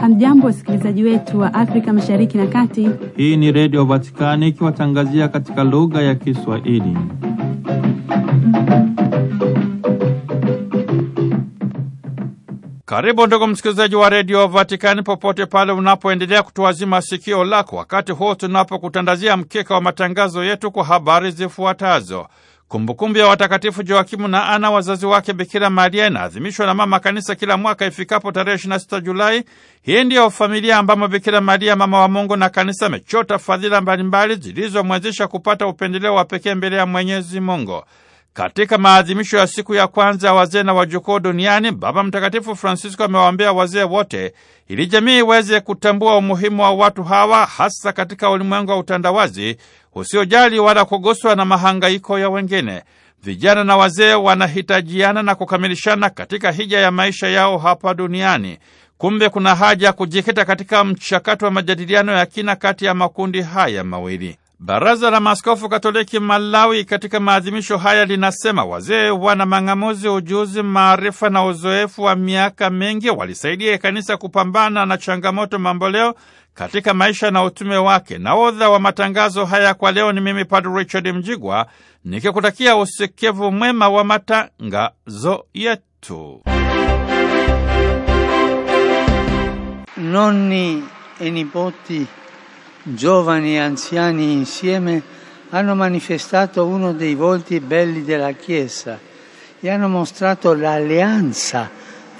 Hamjambo, wasikilizaji wetu wa Afrika Mashariki na Kati. Hii ni Redio Vatikani ikiwatangazia katika lugha ya Kiswahili. Karibu ndugu msikilizaji wa Redio Vatikani popote pale unapoendelea kutuazima sikio lako, wakati huu tunapokutandazia mkeka wa matangazo yetu kwa habari zifuatazo. Kumbukumbu ya watakatifu Joakimu na Ana, wazazi wake Bikira Maria, inaadhimishwa na Mama Kanisa kila mwaka ifikapo tarehe 26 Julai. Hii ndiyo familia ambamo Bikira Maria, mama wa Mungu na Kanisa, amechota fadhila mbalimbali zilizomwezesha kupata upendeleo wa pekee mbele ya Mwenyezi Mungu. Katika maadhimisho ya siku ya kwanza wazee na wajukuu duniani, Baba Mtakatifu Francisco amewaambia wazee wote ili jamii iweze kutambua umuhimu wa watu hawa, hasa katika ulimwengu wa utandawazi usiojali wala kuguswa na mahangaiko ya wengine. Vijana na wazee wanahitajiana na kukamilishana katika hija ya maisha yao hapa duniani. Kumbe kuna haja ya kujikita katika mchakato wa majadiliano ya kina kati ya makundi haya mawili. Baraza la Maaskofu Katoliki Malawi katika maadhimisho haya linasema wazee wana mang'amuzi, ujuzi, maarifa na uzoefu wa miaka mingi walisaidia kanisa kupambana na changamoto mamboleo katika maisha na utume wake. na odha wa matangazo haya kwa leo ni mimi Padre Richard Mjigwa nikikutakia usikivu mwema wa matangazo yetu. Nonni e nipoti giovani e anziani insieme, hanno manifestato uno dei volti belli della Chiesa e hanno mostrato l'alleanza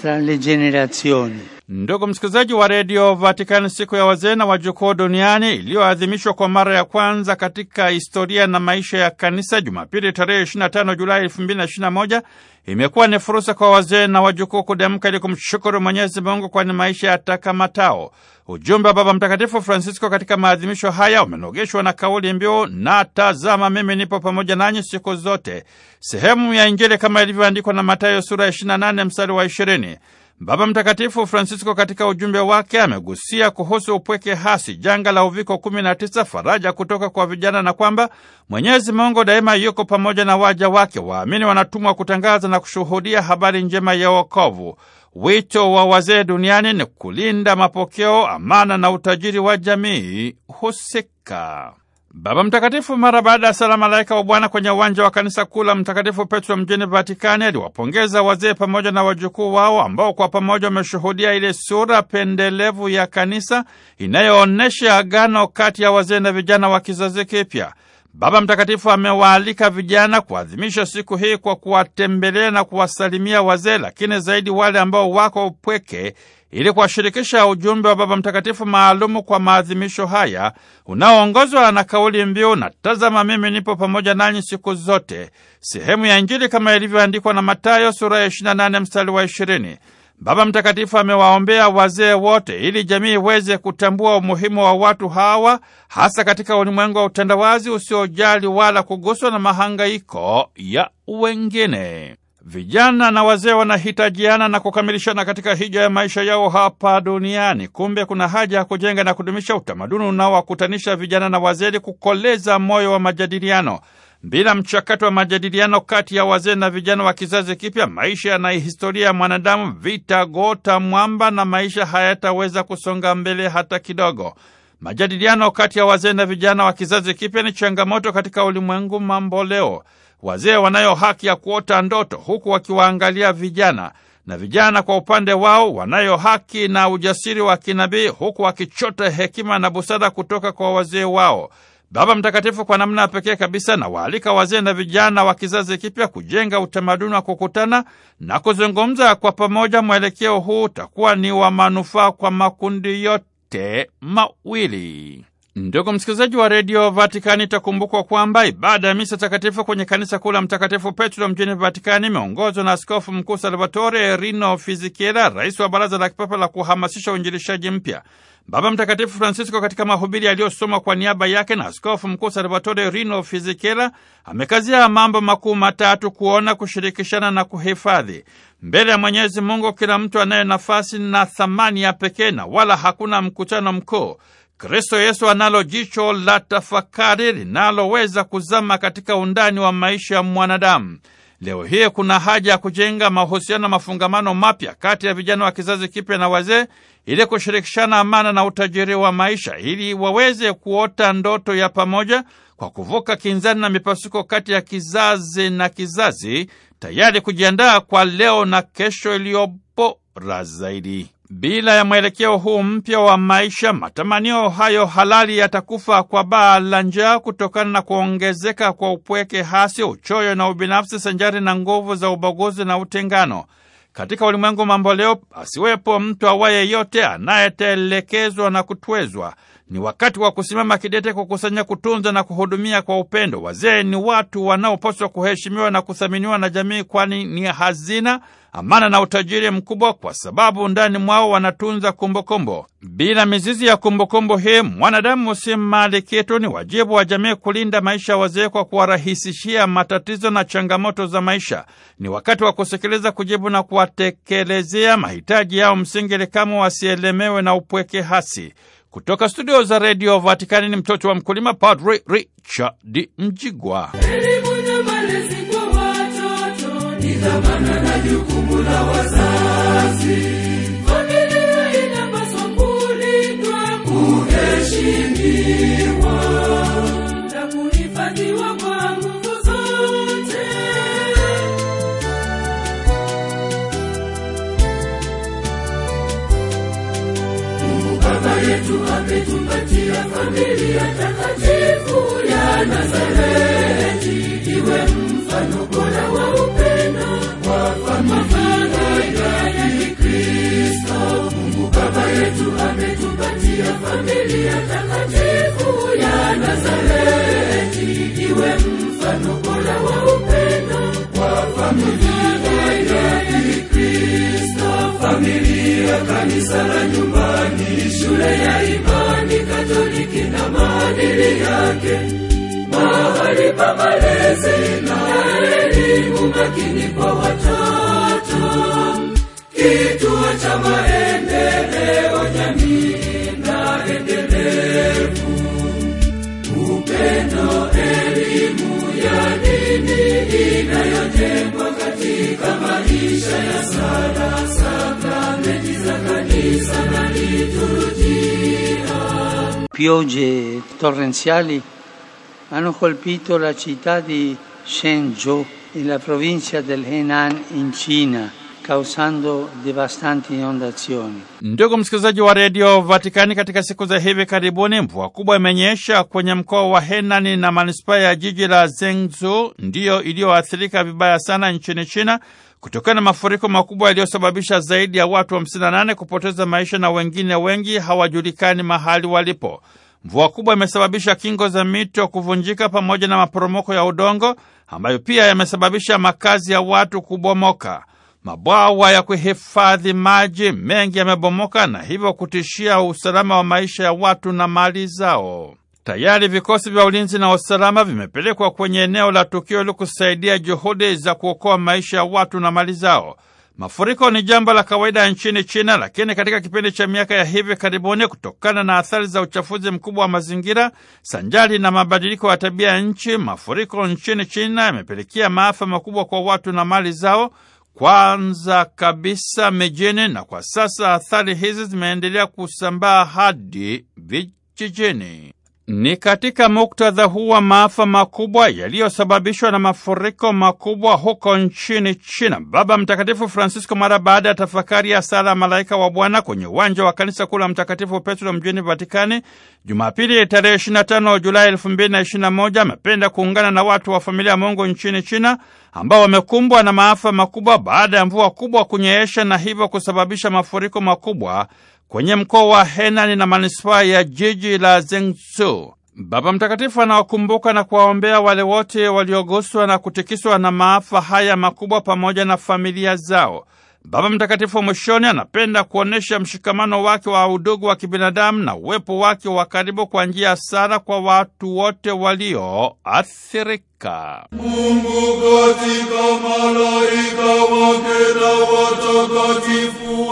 tra le generazioni. Ndugu msikilizaji wa redio Vatikani, siku ya wazee na wajukuu duniani iliyoadhimishwa kwa mara ya kwanza katika historia na maisha ya kanisa Jumapili tarehe 25 Julai 2021 imekuwa ni fursa kwa wazee na wajukuu kudamka ili kumshukuru Mwenyezi Mungu kwani maisha ya takamatao. Ujumbe wa Baba Mtakatifu Francisco katika maadhimisho haya umenogeshwa na kauli mbiu na tazama mimi nipo pamoja nanyi siku zote, sehemu ya Injili kama ilivyoandikwa na matayo sura 28 mstari wa 20. Baba Mtakatifu Francisco katika ujumbe wake amegusia kuhusu upweke hasi, janga la uviko 19, faraja kutoka kwa vijana, na kwamba Mwenyezi Mungu daima yuko pamoja na waja wake. Waamini wanatumwa kutangaza na kushuhudia habari njema ya wokovu. Wito wa wazee duniani ni kulinda mapokeo, amana na utajiri wa jamii husika. Baba Mtakatifu mara baada ya sala malaika wa Bwana kwenye uwanja wa kanisa kuu la Mtakatifu Petro mjini Vatikani aliwapongeza wazee pamoja na wajukuu wao ambao kwa pamoja wameshuhudia ile sura pendelevu ya kanisa inayoonyesha agano kati ya wazee na vijana wa kizazi kipya. Baba Mtakatifu amewaalika vijana kuadhimisha siku hii kwa kuwatembelea na kuwasalimia wazee, lakini zaidi wale ambao wako upweke ili kuwashirikisha ujumbe wa Baba Mtakatifu maalumu kwa maadhimisho haya unaoongozwa na kauli mbiu na tazama mimi nipo pamoja nanyi siku zote, sehemu ya Injili kama ilivyoandikwa na matayo sura ya 28 mstari wa 20. Baba Mtakatifu amewaombea wazee wote ili jamii iweze kutambua umuhimu wa watu hawa hasa katika ulimwengu wa utandawazi usiojali wala kuguswa na mahangaiko ya wengine. Vijana na wazee wanahitajiana na kukamilishana katika hija ya maisha yao hapa duniani. Kumbe kuna haja ya kujenga na kudumisha utamaduni unaowakutanisha vijana na wazee ili kukoleza moyo wa majadiliano. Bila mchakato wa majadiliano kati ya wazee na vijana wa kizazi kipya, maisha na historia ya mwanadamu vitagota mwamba na maisha hayataweza kusonga mbele hata kidogo. Majadiliano kati ya wazee na vijana wa kizazi kipya ni changamoto katika ulimwengu mambo leo. Wazee wanayo haki ya kuota ndoto huku wakiwaangalia vijana, na vijana kwa upande wao wanayo haki na ujasiri wa kinabii huku wakichota hekima na busara kutoka kwa wazee wao. Baba Mtakatifu kwa namna ya pekee kabisa na waalika wazee na vijana wa kizazi kipya kujenga utamaduni wa kukutana na kuzungumza kwa pamoja. Mwelekeo huu utakuwa ni wa manufaa kwa makundi yote mawili. Ndugu msikilizaji wa redio Vatikani, itakumbukwa kwamba ibada ya misa takatifu kwenye kanisa kuu la Mtakatifu Petro mjini Vatikani imeongozwa na askofu mkuu Salvatore Rino Fisichella, rais wa Baraza la Kipapa la kuhamasisha uinjilishaji mpya. Baba Mtakatifu Francisco, katika mahubiri aliyosomwa kwa niaba yake na askofu mkuu Salvatore Rino Fisichella, amekazia mambo makuu matatu: kuona, kushirikishana na kuhifadhi. Mbele ya Mwenyezi Mungu, kila mtu anaye nafasi na thamani ya pekee, na wala hakuna mkutano mkuu Kristo Yesu analo jicho la tafakari linaloweza kuzama katika undani wa maisha ya mwanadamu. Leo hii kuna haja ya kujenga mahusiano na mafungamano mapya kati ya vijana wa kizazi kipya na wazee, ili kushirikishana amana na utajiri wa maisha, ili waweze kuota ndoto ya pamoja kwa kuvuka kinzani na mipasuko kati ya kizazi na kizazi, tayari kujiandaa kwa leo na kesho iliyo bora zaidi. Bila ya mwelekeo huu mpya wa maisha, matamanio hayo halali yatakufa kwa baa la njaa kutokana na kuongezeka kwa upweke hasi, uchoyo na ubinafsi, sanjari na nguvu za ubaguzi na utengano. Katika ulimwengu mambo leo, asiwepo mtu awaye yote anayetelekezwa na kutwezwa. Ni wakati wa kusimama kidete, kukusanya, kutunza na kuhudumia kwa upendo. Wazee ni watu wanaopaswa kuheshimiwa na kuthaminiwa na jamii, kwani ni hazina amana na utajiri mkubwa, kwa sababu ndani mwao wanatunza kumbukumbu. Bila mizizi ya kumbukumbu hii, mwanadamu si mali kitu. Ni wajibu wa jamii kulinda maisha ya wazee kwa kuwarahisishia matatizo na changamoto za maisha. Ni wakati wa kusikiliza, kujibu na kuwatekelezea mahitaji yao msingi, likama wasielemewe na upweke hasi. Kutoka studio za redio Vatikani ni mtoto wa mkulima, Padri Richard Mjigwa ni dhamana na jukumu la wazazi. Familia inapaswa kulindwa, kuheshimiwa na kuhifadhiwa kwa nguvu zote. Mungu Baba yetu ametupatia familia takatifu ya Nazareti, iwe mfano bora wa upe wafa mungu baba yetu ametupatia familia takatifu ya nazareti iwe mfano bora kanisa la nyumbani shule ya imani katoliki na maadili yake mahali pa malezi na elimu makini kwa watoto, kituo cha maendeleo jamii na endelevu, upendo, elimu ya dini inayojengwa katika maisha ya sala, sakramenti za kanisa na liturujia. Piogge torrenziali hanno colpito la città di Shenzhou, nella provincia del Henan in Cina, causando devastanti inondazioni. Ndugu msikilizaji wa redio Vatikani, katika siku za hivi karibuni mvua kubwa imenyesha kwenye mkoa wa Henan na manispaa ya jiji la Zhengzhou, ndiyo iliyoathirika vibaya sana nchini China kutokana na mafuriko makubwa yaliyosababisha zaidi ya watu 58 kupoteza maisha na wengine wengi hawajulikani mahali walipo. Mvua kubwa imesababisha kingo za mito kuvunjika pamoja na maporomoko ya udongo ambayo pia yamesababisha makazi ya watu kubomoka. Mabwawa ya kuhifadhi maji mengi yamebomoka na hivyo kutishia usalama wa maisha ya watu na mali zao. Tayari vikosi vya ulinzi na usalama vimepelekwa kwenye eneo la tukio ili kusaidia juhudi za kuokoa maisha ya watu na mali zao. Mafuriko ni jambo la kawaida nchini China, lakini katika kipindi cha miaka ya hivi karibuni, kutokana na athari za uchafuzi mkubwa wa mazingira sanjari na mabadiliko ya tabia ya nchi, mafuriko nchini China yamepelekea maafa makubwa kwa watu na mali zao, kwanza kabisa mijini, na kwa sasa athari hizi zimeendelea kusambaa hadi vijijini. Ni katika muktadha huu wa maafa makubwa yaliyosababishwa na mafuriko makubwa huko nchini China, Baba Mtakatifu Francisco, mara baada ya tafakari ya sala ya malaika wa Bwana kwenye uwanja wa kanisa kuu la Mtakatifu Petro mjini Vatikani Jumapili tarehe 25 Julai 2021, amependa kuungana na watu wa familia ya Mungu nchini China ambao wamekumbwa na maafa makubwa baada ya mvua kubwa kunyeesha na hivyo kusababisha mafuriko makubwa kwenye mkoa wa Henani na manispaa ya jiji la Zengsu. Baba Mtakatifu anawakumbuka na kuwaombea wale wote walioguswa na kutikiswa na maafa haya makubwa pamoja na familia zao. Baba Mtakatifu mwishoni anapenda kuonyesha mshikamano wake wa udugu wa kibinadamu na uwepo wake wa karibu kwa njia sana sala kwa watu wote walioathirika. Mungu katika malaika wake na watakatifu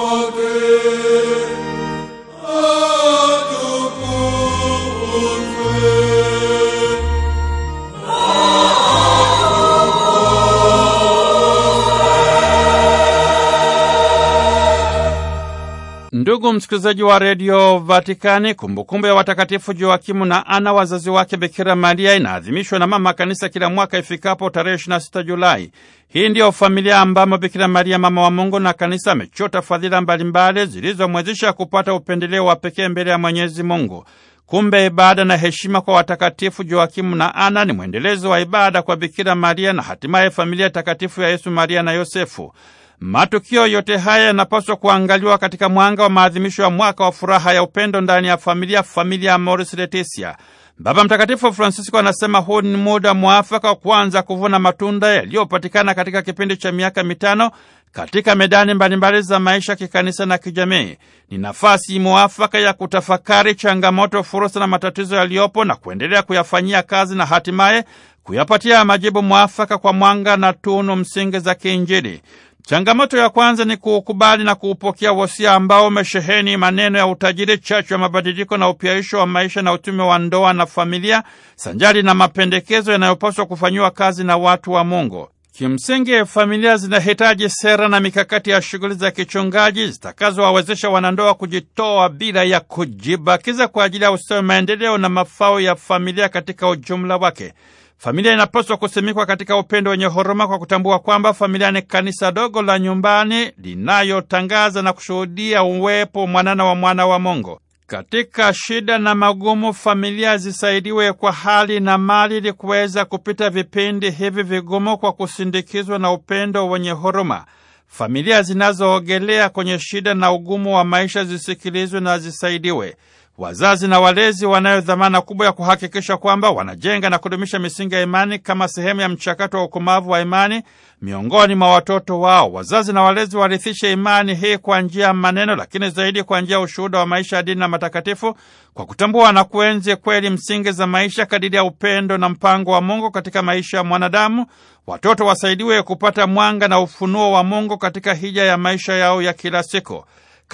Ndugu msikilizaji wa redio Vatikani, kumbukumbu ya watakatifu Joakimu na Ana, wazazi wake Bikira Maria, inaadhimishwa na mama kanisa kila mwaka ifikapo tarehe 26 Julai. Hii ndiyo familia ambamo Bikira Maria, mama wa Mungu na kanisa, amechota fadhila mbalimbali zilizomwezesha kupata upendeleo wa pekee mbele ya Mwenyezi Mungu. Kumbe ibada na heshima kwa watakatifu Joakimu na Ana ni mwendelezo wa ibada kwa Bikira Maria na hatimaye familia takatifu ya Yesu, Maria na Yosefu. Matukio yote haya yanapaswa kuangaliwa katika mwanga wa maadhimisho ya mwaka wa furaha ya upendo ndani ya familia, familia Amoris Laetitia. Baba Mtakatifu Francisco anasema huu ni muda mwafaka wa kuanza kuvuna matunda yaliyopatikana katika kipindi cha miaka mitano katika medani mbalimbali za maisha kikanisa na kijamii. Ni nafasi mwafaka ya kutafakari changamoto, fursa na matatizo yaliyopo na kuendelea kuyafanyia kazi na hatimaye kuyapatia majibu mwafaka kwa mwanga na tunu msingi za kiinjili. Changamoto ya kwanza ni kuukubali na kuupokea wosia ambao umesheheni maneno ya utajiri, chachu ya mabadiliko na upyaisho wa maisha na utume wa ndoa na familia, sanjari na mapendekezo yanayopaswa kufanyiwa kazi na watu wa Mungu. Kimsingi, familia zinahitaji sera na mikakati ya shughuli za kichungaji zitakazowawezesha wanandoa kujitoa bila ya kujibakiza kwa ajili ya ustawi, maendeleo na mafao ya familia katika ujumla wake. Familia inapaswa kusimikwa katika upendo wenye huruma kwa kutambua kwamba familia ni kanisa dogo la nyumbani linayotangaza na kushuhudia uwepo mwanana wa mwana wa Mungu. Katika shida na magumu, familia zisaidiwe kwa hali na mali ili kuweza kupita vipindi hivi vigumu kwa kusindikizwa na upendo wenye huruma. Familia zinazoogelea kwenye shida na ugumu wa maisha zisikilizwe na zisaidiwe. Wazazi na walezi wanayo dhamana kubwa ya kuhakikisha kwamba wanajenga na kudumisha misingi ya imani kama sehemu ya mchakato wa ukomavu wa imani miongoni mwa watoto wao. Wazazi na walezi warithishe imani hii kwa njia ya maneno, lakini zaidi kwa njia ya ushuhuda wa maisha ya dini na matakatifu, kwa kutambua na kuenzi kweli msingi za maisha kadiri ya upendo na mpango wa Mungu katika maisha ya mwanadamu. Watoto wasaidiwe kupata mwanga na ufunuo wa Mungu katika hija ya maisha yao ya kila siku.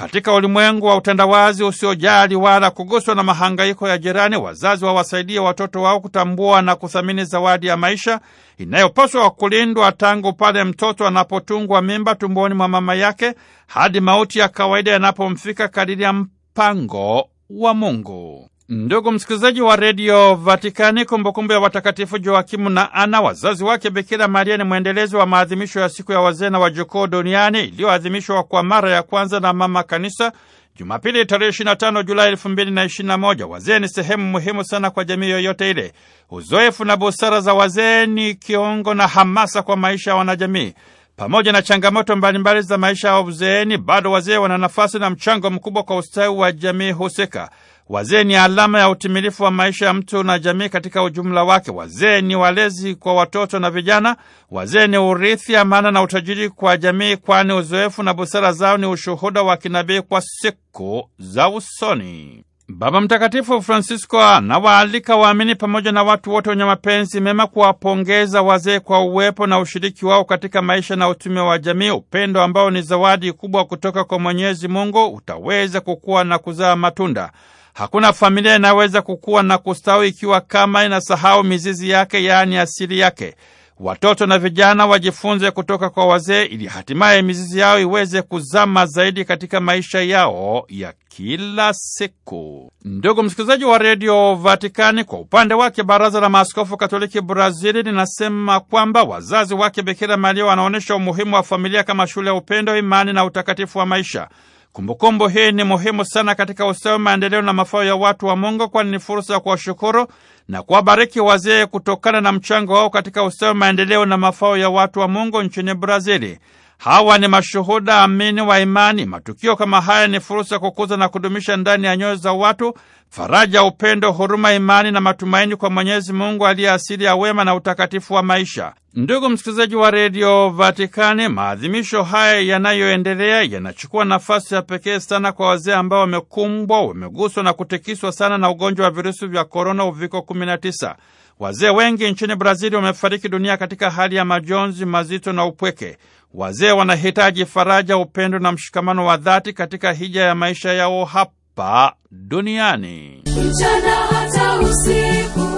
Katika ulimwengu wa utandawazi usiojali wala kuguswa na mahangaiko ya jirani, wazazi wawasaidie watoto wao kutambua na kuthamini zawadi ya maisha inayopaswa kulindwa tangu pale mtoto anapotungwa mimba tumboni mwa mama yake hadi mauti ya kawaida yanapomfika kadiri ya mpango wa Mungu. Ndugu msikilizaji wa redio Vatikani, kumbukumbu ya watakatifu Joakimu na Ana, wazazi wake Bikira Maria, ni mwendelezo wa maadhimisho ya siku ya wazee na wajukuu duniani iliyoadhimishwa kwa mara ya kwanza na Mama Kanisa Jumapili tarehe 25 Julai 2021. Wazee ni sehemu muhimu sana kwa jamii yoyote ile. Uzoefu na busara za wazee ni kiongo na hamasa kwa maisha ya wanajamii. Pamoja na changamoto mbalimbali za maisha ya uzeeni, bado wazee wana nafasi na mchango mkubwa kwa ustawi wa jamii husika. Wazee ni alama ya utimilifu wa maisha ya mtu na jamii katika ujumla wake. Wazee ni walezi kwa watoto na vijana. Wazee ni urithi, amana na utajiri kwa jamii, kwani uzoefu na busara zao ni ushuhuda wa kinabii kwa siku za usoni. Baba Mtakatifu Francisco anawaalika waamini pamoja na watu wote wenye mapenzi mema kuwapongeza wazee kwa uwepo na ushiriki wao katika maisha na utume wa jamii. Upendo ambao ni zawadi kubwa kutoka kwa Mwenyezi Mungu utaweza kukua na kuzaa matunda. Hakuna familia inaweza kukua na kustawi ikiwa kama inasahau mizizi yake, yaani asili yake. Watoto na vijana wajifunze kutoka kwa wazee ili hatimaye mizizi yao iweze kuzama zaidi katika maisha yao ya kila siku. Ndugu msikilizaji wa redio Vatikani, kwa upande wake baraza la maaskofu katoliki Brazili linasema kwamba wazazi wake Bikira Maria wanaonyesha umuhimu wa familia kama shule ya upendo, imani na utakatifu wa maisha. Kumbukumbu hii ni muhimu sana katika ustawi, maendeleo na mafao ya watu wa Mungu, kwani ni fursa ya kuwashukuru na kuwabariki wazee kutokana na mchango wao katika ustawi, maendeleo na mafao ya watu wa Mungu nchini Brazili. Hawa ni mashuhuda amini wa imani. Matukio kama haya ni fursa ya kukuza na kudumisha ndani ya nyoyo za watu faraja, upendo, huruma, imani na matumaini kwa Mwenyezi Mungu aliye asili ya wema na utakatifu wa maisha. Ndugu msikilizaji wa redio Vatikani, maadhimisho haya yanayoendelea yanachukua nafasi ya pekee sana kwa wazee ambao wamekumbwa, wameguswa na kutikiswa sana na ugonjwa wa virusi vya korona, uviko 19. Wazee wengi nchini Brazili wamefariki dunia katika hali ya majonzi mazito na upweke. Wazee wanahitaji faraja, upendo na mshikamano wa dhati katika hija ya maisha yao hapa hapa duniani. Mchana hata usiku.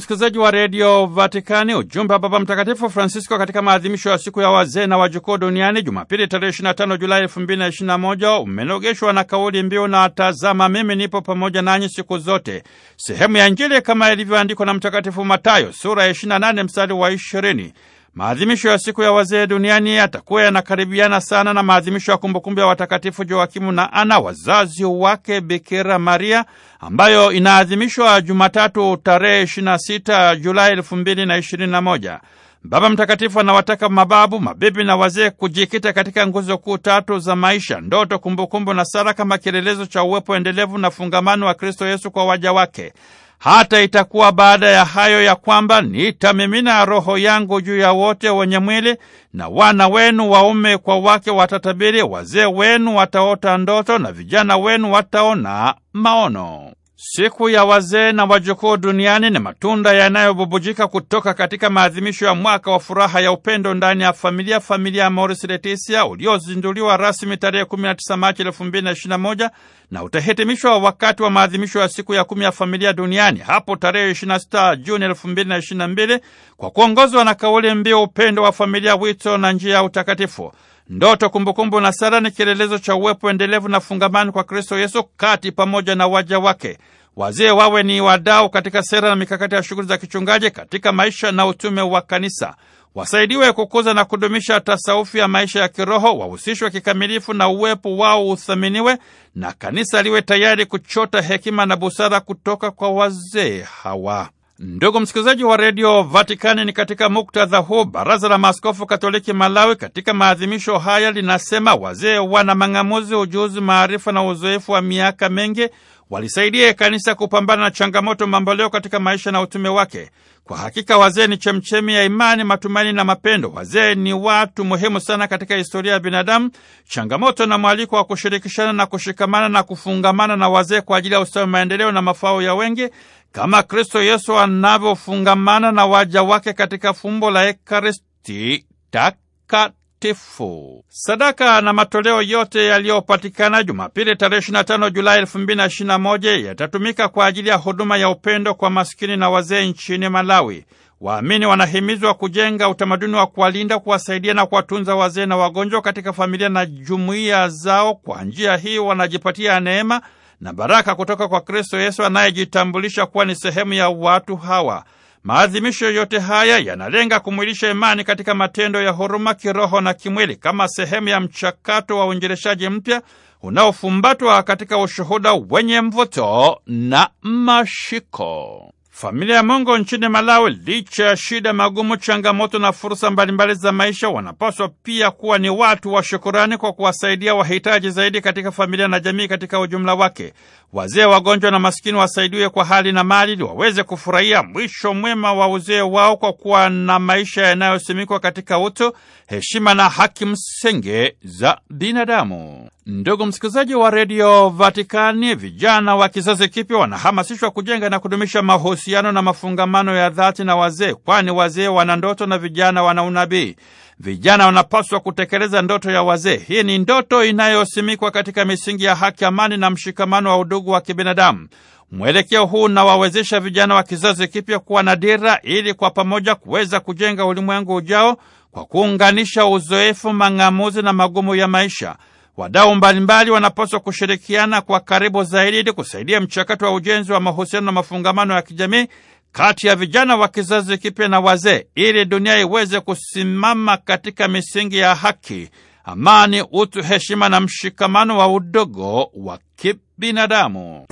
msikilizaji wa redio Vatikani, ujumbe wa Baba Mtakatifu Francisco katika maadhimisho ya siku ya wazee na wajukuu duniani Jumapili tarehe 25 Julai 2021 umenogeshwa na kauli mbiu na tazama mimi nipo pamoja nanyi siku zote, sehemu ya Injili kama ilivyoandikwa na Mtakatifu Matayo sura ya 28 mstari wa 20. Maadhimisho ya siku ya wazee duniani yatakuwa yanakaribiana sana na maadhimisho ya kumbukumbu ya watakatifu Joakimu na Ana, wazazi wake Bikira Maria, ambayo inaadhimishwa Jumatatu tarehe 26 Julai 2021. Baba Mtakatifu anawataka mababu, mabibi na wazee kujikita katika nguzo kuu tatu za maisha: ndoto, kumbukumbu na sala, kama kielelezo cha uwepo endelevu na fungamano wa Kristo Yesu kwa waja wake. Hata itakuwa baada ya hayo ya kwamba nitamimina roho yangu juu ya wote wenye mwili, na wana wenu waume kwa wake watatabiri, wazee wenu wataota ndoto, na vijana wenu wataona maono. Siku ya wazee na wajukuu duniani ni matunda yanayobubujika kutoka katika maadhimisho ya mwaka wa furaha ya upendo ndani ya familia, familia ya Moris Leticia, uliozinduliwa rasmi tarehe 19 Machi 2021 na utahitimishwa wakati wa maadhimisho ya siku ya kumi ya familia duniani hapo tarehe 26 Juni 2022 kwa kuongozwa na kauli mbiu upendo wa familia, wito na njia ya utakatifu. Ndoto, kumbukumbu na sala ni kielelezo cha uwepo endelevu na fungamani kwa Kristo Yesu kati pamoja na waja wake. Wazee wawe ni wadau katika sera na mikakati ya shughuli za kichungaji katika maisha na utume wa kanisa. Wasaidiwe kukuza na kudumisha tasaufi ya maisha ya kiroho, wahusishwe kikamilifu na uwepo wao uthaminiwe, na kanisa liwe tayari kuchota hekima na busara kutoka kwa wazee hawa. Ndugu msikilizaji wa redio Vatikani, ni katika muktadha huu baraza la maaskofu katoliki Malawi katika maadhimisho haya linasema wazee wana mang'amuzi, ujuzi, maarifa na uzoefu wa miaka mingi walisaidia kanisa kupambana na changamoto mamboleo katika maisha na utume wake. Kwa hakika wazee ni chemchemi ya imani, matumaini na mapendo. Wazee ni watu muhimu sana katika historia ya binadamu. Changamoto na mwaliko wa kushirikishana na kushikamana na kufungamana na wazee kwa ajili ya ustawi, maendeleo na mafao ya wengi, kama Kristo Yesu anavyofungamana na waja wake katika fumbo la Ekaristi taka Mtakatifu. Sadaka na matoleo yote yaliyopatikana Jumapili tarehe 25 Julai 2021 yatatumika kwa ajili ya huduma ya upendo kwa masikini na wazee nchini Malawi. Waamini wanahimizwa kujenga utamaduni wa kuwalinda, kuwasaidia na kuwatunza wazee na wagonjwa katika familia na jumuiya zao. Kwa njia hii wanajipatia neema na baraka kutoka kwa Kristo Yesu anayejitambulisha kuwa ni sehemu ya watu hawa. Maadhimisho yote haya yanalenga kumwilisha imani katika matendo ya huruma kiroho na kimwili kama sehemu ya mchakato wa uinjilishaji mpya unaofumbatwa katika ushuhuda wenye mvuto na mashiko. Familia ya Mungu nchini Malawi, licha ya shida, magumu, changamoto na fursa mbalimbali za maisha, wanapaswa pia kuwa ni watu wa shukurani kwa kuwasaidia wahitaji zaidi katika familia na jamii katika ujumla wake. Wazee, wagonjwa na maskini wasaidiwe kwa hali na mali, ili waweze kufurahia mwisho mwema wa uzee wao kwa kuwa na maisha yanayosimikwa katika utu, heshima na haki msingi za binadamu. Ndugu msikilizaji wa redio Vatikani, vijana wa kizazi kipya wanahamasishwa kujenga na kudumisha mahusiano mahusiano na mafungamano ya dhati na wazee, kwani wazee wana ndoto na vijana wana unabii. Vijana wanapaswa kutekeleza ndoto ya wazee. Hii ni ndoto inayosimikwa katika misingi ya haki, amani na mshikamano wa udugu wa kibinadamu. Mwelekeo huu unawawezesha vijana wa kizazi kipya kuwa na dira, ili kwa pamoja kuweza kujenga ulimwengu ujao kwa kuunganisha uzoefu, mang'amuzi na magumu ya maisha. Wadau mbalimbali wanapaswa kushirikiana kwa karibu zaidi ili kusaidia mchakato wa ujenzi wa mahusiano na mafungamano ya kijamii kati ya vijana wa kizazi kipya na wazee, ili dunia iweze kusimama katika misingi ya haki, amani, utu, heshima na mshikamano wa udogo wa kibinadamu.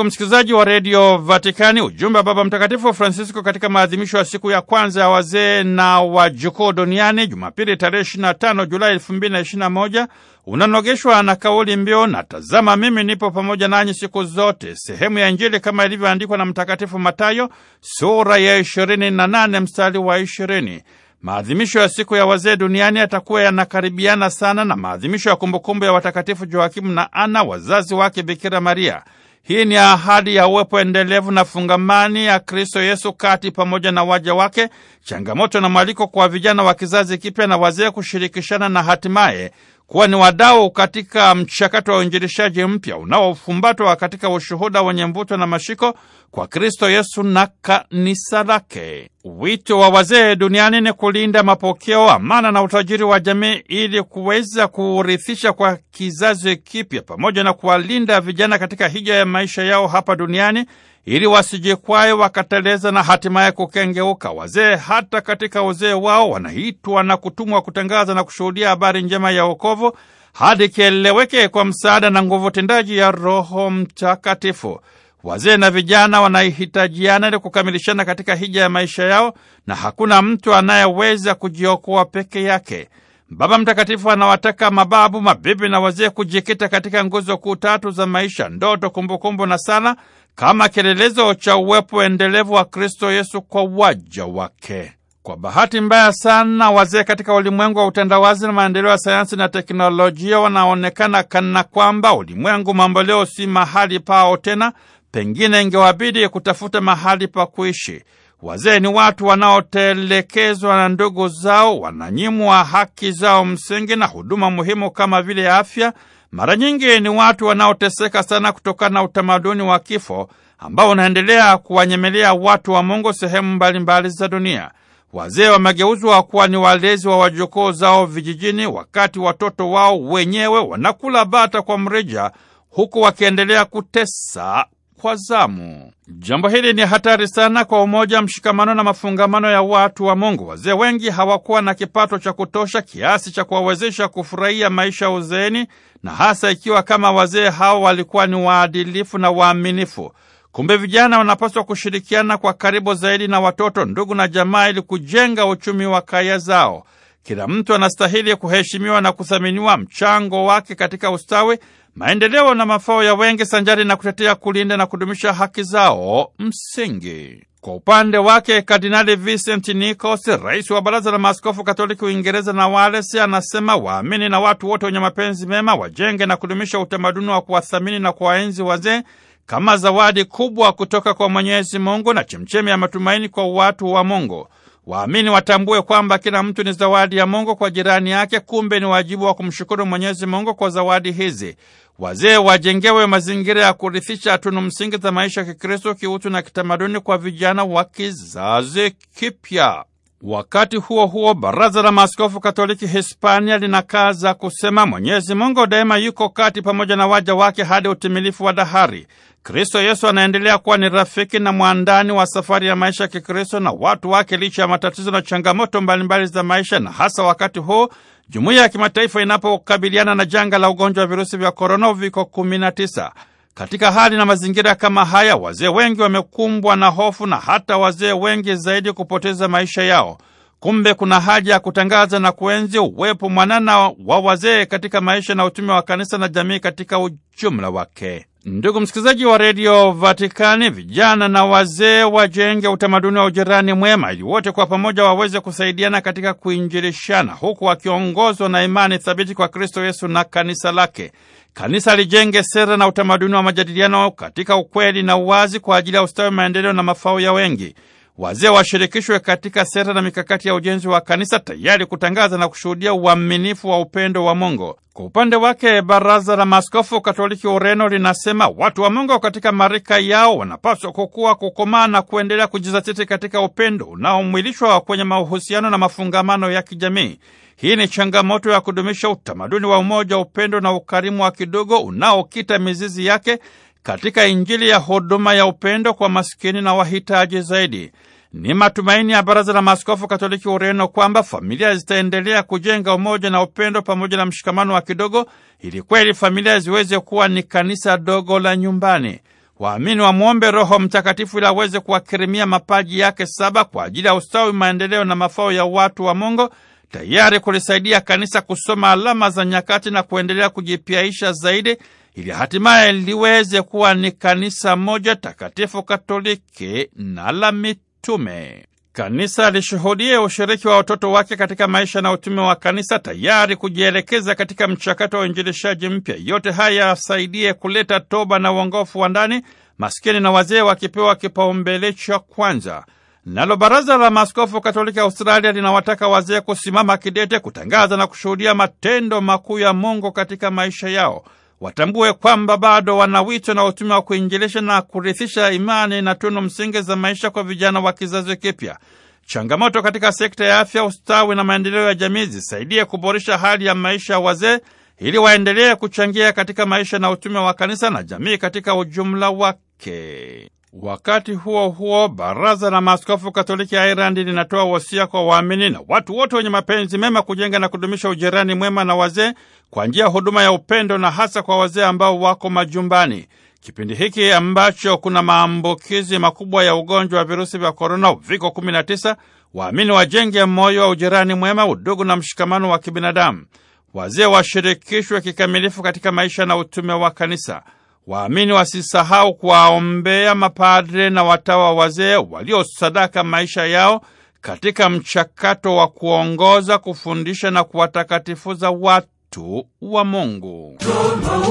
ndugu msikilizaji wa redio Vatikani, ujumbe wa Baba Mtakatifu Francisco katika maadhimisho ya siku ya kwanza ya wazee na wajukuu duniani Jumapili tarehe 25 Julai 2021 unanogeshwa na kauli mbiu na tazama mimi nipo pamoja nanyi siku zote, sehemu ya Injili kama ilivyoandikwa na Mtakatifu Matayo sura ya 28 mstari wa 20. Maadhimisho ya siku ya wazee duniani yatakuwa yanakaribiana sana na maadhimisho ya kumbukumbu ya watakatifu Joakimu na Ana, wazazi wake Bikira Maria. Hii ni ahadi ya uwepo endelevu na fungamani ya Kristo Yesu kati pamoja na waja wake, changamoto na mwaliko kwa vijana wa kizazi kipya na wazee kushirikishana na hatimaye kuwa ni wadau katika mchakato wa uinjilishaji mpya unaofumbatwa katika ushuhuda wenye mvuto na mashiko kwa Kristo Yesu na kanisa lake. Wito wa wazee duniani ni kulinda mapokeo, amana na utajiri wa jamii ili kuweza kuurithisha kwa kizazi kipya, pamoja na kuwalinda vijana katika hija ya maisha yao hapa duniani ili wasije kwayo wakateleza na hatimaye kukengeuka. Wazee hata katika uzee wao wanaitwa na kutumwa kutangaza na kushuhudia habari njema ya wokovu hadi kieleweke kwa msaada na nguvu tendaji ya Roho Mtakatifu. Wazee na vijana wanaihitajiana ili kukamilishana katika hija ya maisha yao, na hakuna mtu anayeweza kujiokoa peke yake. Baba Mtakatifu anawataka mababu, mabibi na wazee kujikita katika nguzo kuu tatu za maisha: ndoto, kumbukumbu na sala, kama kielelezo cha uwepo endelevu wa Kristo Yesu kwa waja wake. Kwa bahati mbaya sana, wazee katika ulimwengu wa utandawazi na maendeleo ya sayansi na teknolojia wanaonekana kana kwamba ulimwengu mamboleo si mahali pao tena, pengine ingewabidi kutafuta mahali pa kuishi. Wazee ni watu wanaotelekezwa na ndugu zao, wananyimwa haki zao msingi na huduma muhimu kama vile afya mara nyingi ni watu wanaoteseka sana kutokana na utamaduni wa kifo ambao unaendelea kuwanyemelea watu wa Mungu sehemu mbalimbali za dunia. Wazee wamegeuzwa kuwa ni walezi wa wajukuu zao vijijini, wakati watoto wao wenyewe wanakula bata kwa mrija, huku wakiendelea kutesa kwa zamu. Jambo hili ni hatari sana kwa umoja, mshikamano na mafungamano ya watu wa Mungu. Wazee wengi hawakuwa na kipato cha kutosha kiasi cha kuwawezesha kufurahia maisha uzeeni, na hasa ikiwa kama wazee hao walikuwa ni waadilifu na waaminifu. Kumbe vijana wanapaswa kushirikiana kwa karibu zaidi na watoto, ndugu na jamaa ili kujenga uchumi wa kaya zao. Kila mtu anastahili kuheshimiwa na kuthaminiwa mchango wake katika ustawi maendeleo na mafao ya wengi sanjari na kutetea, kulinda na kudumisha haki zao msingi. Kwa upande wake Kardinali Vincent Nicos, rais wa baraza la maaskofu Katoliki Uingereza na Walesi, anasema waamini na watu wote wenye mapenzi mema wajenge na kudumisha utamaduni wa kuwathamini na kuwaenzi wazee kama zawadi kubwa kutoka kwa Mwenyezi Mungu na chemchemi ya matumaini kwa watu wa Mungu. Waamini watambue kwamba kila mtu ni zawadi ya Mungu kwa jirani yake, kumbe ni wajibu wa kumshukuru Mwenyezi Mungu kwa zawadi hizi. Wazee wajengewe mazingira ya kurithisha tunu msingi za maisha ya Kikristo, kiutu na kitamaduni kwa vijana wa kizazi kipya. Wakati huo huo, baraza la maaskofu katoliki Hispania linakaza kusema Mwenyezi Mungu daima yuko kati pamoja na waja wake hadi utimilifu wa dahari. Kristo Yesu anaendelea kuwa ni rafiki na mwandani wa safari ya maisha ya Kikristo na watu wake, licha ya matatizo na changamoto mbalimbali za maisha, na hasa wakati huu jumuiya ya kimataifa inapokabiliana na janga la ugonjwa wa virusi vya korona, uviko 19. Katika hali na mazingira kama haya, wazee wengi wamekumbwa na hofu na hata wazee wengi zaidi kupoteza maisha yao. Kumbe kuna haja ya kutangaza na kuenzi uwepo mwanana wa wazee katika maisha na utume wa kanisa na jamii katika ujumla wake. Ndugu msikilizaji wa redio Vatikani, vijana na wazee wajenge utamaduni wa ujirani mwema, ili wote kwa pamoja waweze kusaidiana katika kuinjilishana, huku wakiongozwa na imani thabiti kwa Kristo Yesu na kanisa lake. Kanisa lijenge sera na utamaduni wa majadiliano katika ukweli na uwazi kwa ajili ya ustawi, maendeleo na mafao ya wengi. Wazee washirikishwe katika sera na mikakati ya ujenzi wa kanisa, tayari kutangaza na kushuhudia uaminifu wa upendo wa Mungu. Kwa upande wake, Baraza la Maaskofu Katoliki Ureno linasema watu wa Mungu katika marika yao wanapaswa kukua, kukomaa na kuendelea kujizatiti katika upendo unaomwilishwa kwenye mahusiano na mafungamano ya kijamii. Hii ni changamoto ya kudumisha utamaduni wa umoja, upendo na ukarimu wa kidogo unaokita mizizi yake katika Injili ya huduma ya upendo kwa masikini na wahitaji zaidi. Ni matumaini ya Baraza la Maaskofu Katoliki Ureno kwamba familia zitaendelea kujenga umoja na upendo pamoja na mshikamano wa kidogo, ili kweli familia ziweze kuwa ni kanisa dogo la nyumbani. Waamini wamwombe Roho Mtakatifu ili aweze kuwakirimia mapaji yake saba kwa ajili ya ustawi, maendeleo na mafao ya watu wa Mungu, tayari kulisaidia kanisa kusoma alama za nyakati na kuendelea kujipiaisha zaidi ili hatimaye liweze kuwa ni kanisa moja takatifu katoliki na la mitume. Kanisa lishuhudie ushiriki wa watoto wake katika maisha na utume wa kanisa, tayari kujielekeza katika mchakato wa uinjilishaji mpya. Yote haya asaidie kuleta toba na uongofu wa ndani, maskini na wazee wakipewa kipaumbele cha kwanza. Nalo Baraza la Maaskofu Katoliki Australia linawataka wazee kusimama kidete, kutangaza na kushuhudia matendo makuu ya Mungu katika maisha yao watambue kwamba bado wana wito na utume wa kuinjilisha na kurithisha imani na tunu msingi za maisha kwa vijana wa kizazi kipya. Changamoto katika sekta ya afya, ustawi na maendeleo ya jamii zisaidie kuboresha hali ya maisha ya wazee ili waendelee kuchangia katika maisha na utume wa kanisa na jamii katika ujumla wake. Wakati huo huo, baraza la maaskofu katoliki ya ireland linatoa wosia kwa waamini na watu wote wenye mapenzi mema kujenga na kudumisha ujirani mwema na wazee kwa njia ya huduma ya upendo na hasa kwa wazee ambao wako majumbani. Kipindi hiki ambacho kuna maambukizi makubwa ya ugonjwa wa virusi vya korona uviko 19, waamini wajenge moyo wa ujirani mwema, udugu na mshikamano wa kibinadamu. Wazee washirikishwe kikamilifu katika maisha na utume wa kanisa waamini wasisahau kuwaombea mapadre na watawa wazee waliosadaka maisha yao katika mchakato wa kuongoza, kufundisha na kuwatakatifuza watu wa Mungu kama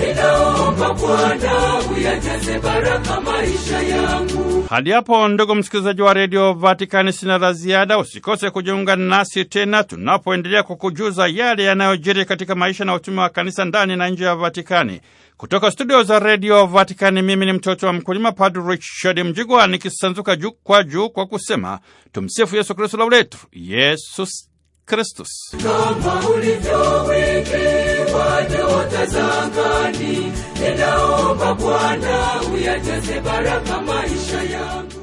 ninaomba Bwana uyajaze baraka maisha yangu. Hadi hapo, ndugu msikilizaji wa redio Vatikani, sina la ziada. Usikose kujiunga nasi tena tunapoendelea kukujuza yale yanayojiri katika maisha na utumi wa kanisa ndani na nje ya Vatikani. Kutoka studio za redio Vatikani, mimi ni mtoto wa mkulima Padre Richard Mjigwa nikisanzuka juu kwa juu kwa kusema tumsifu Yesu Kristu, lauletu Yesus Kristus. Kama ulivyowikiwa nyota za angani, ninaomba Bwana uyajaze baraka maisha yangu.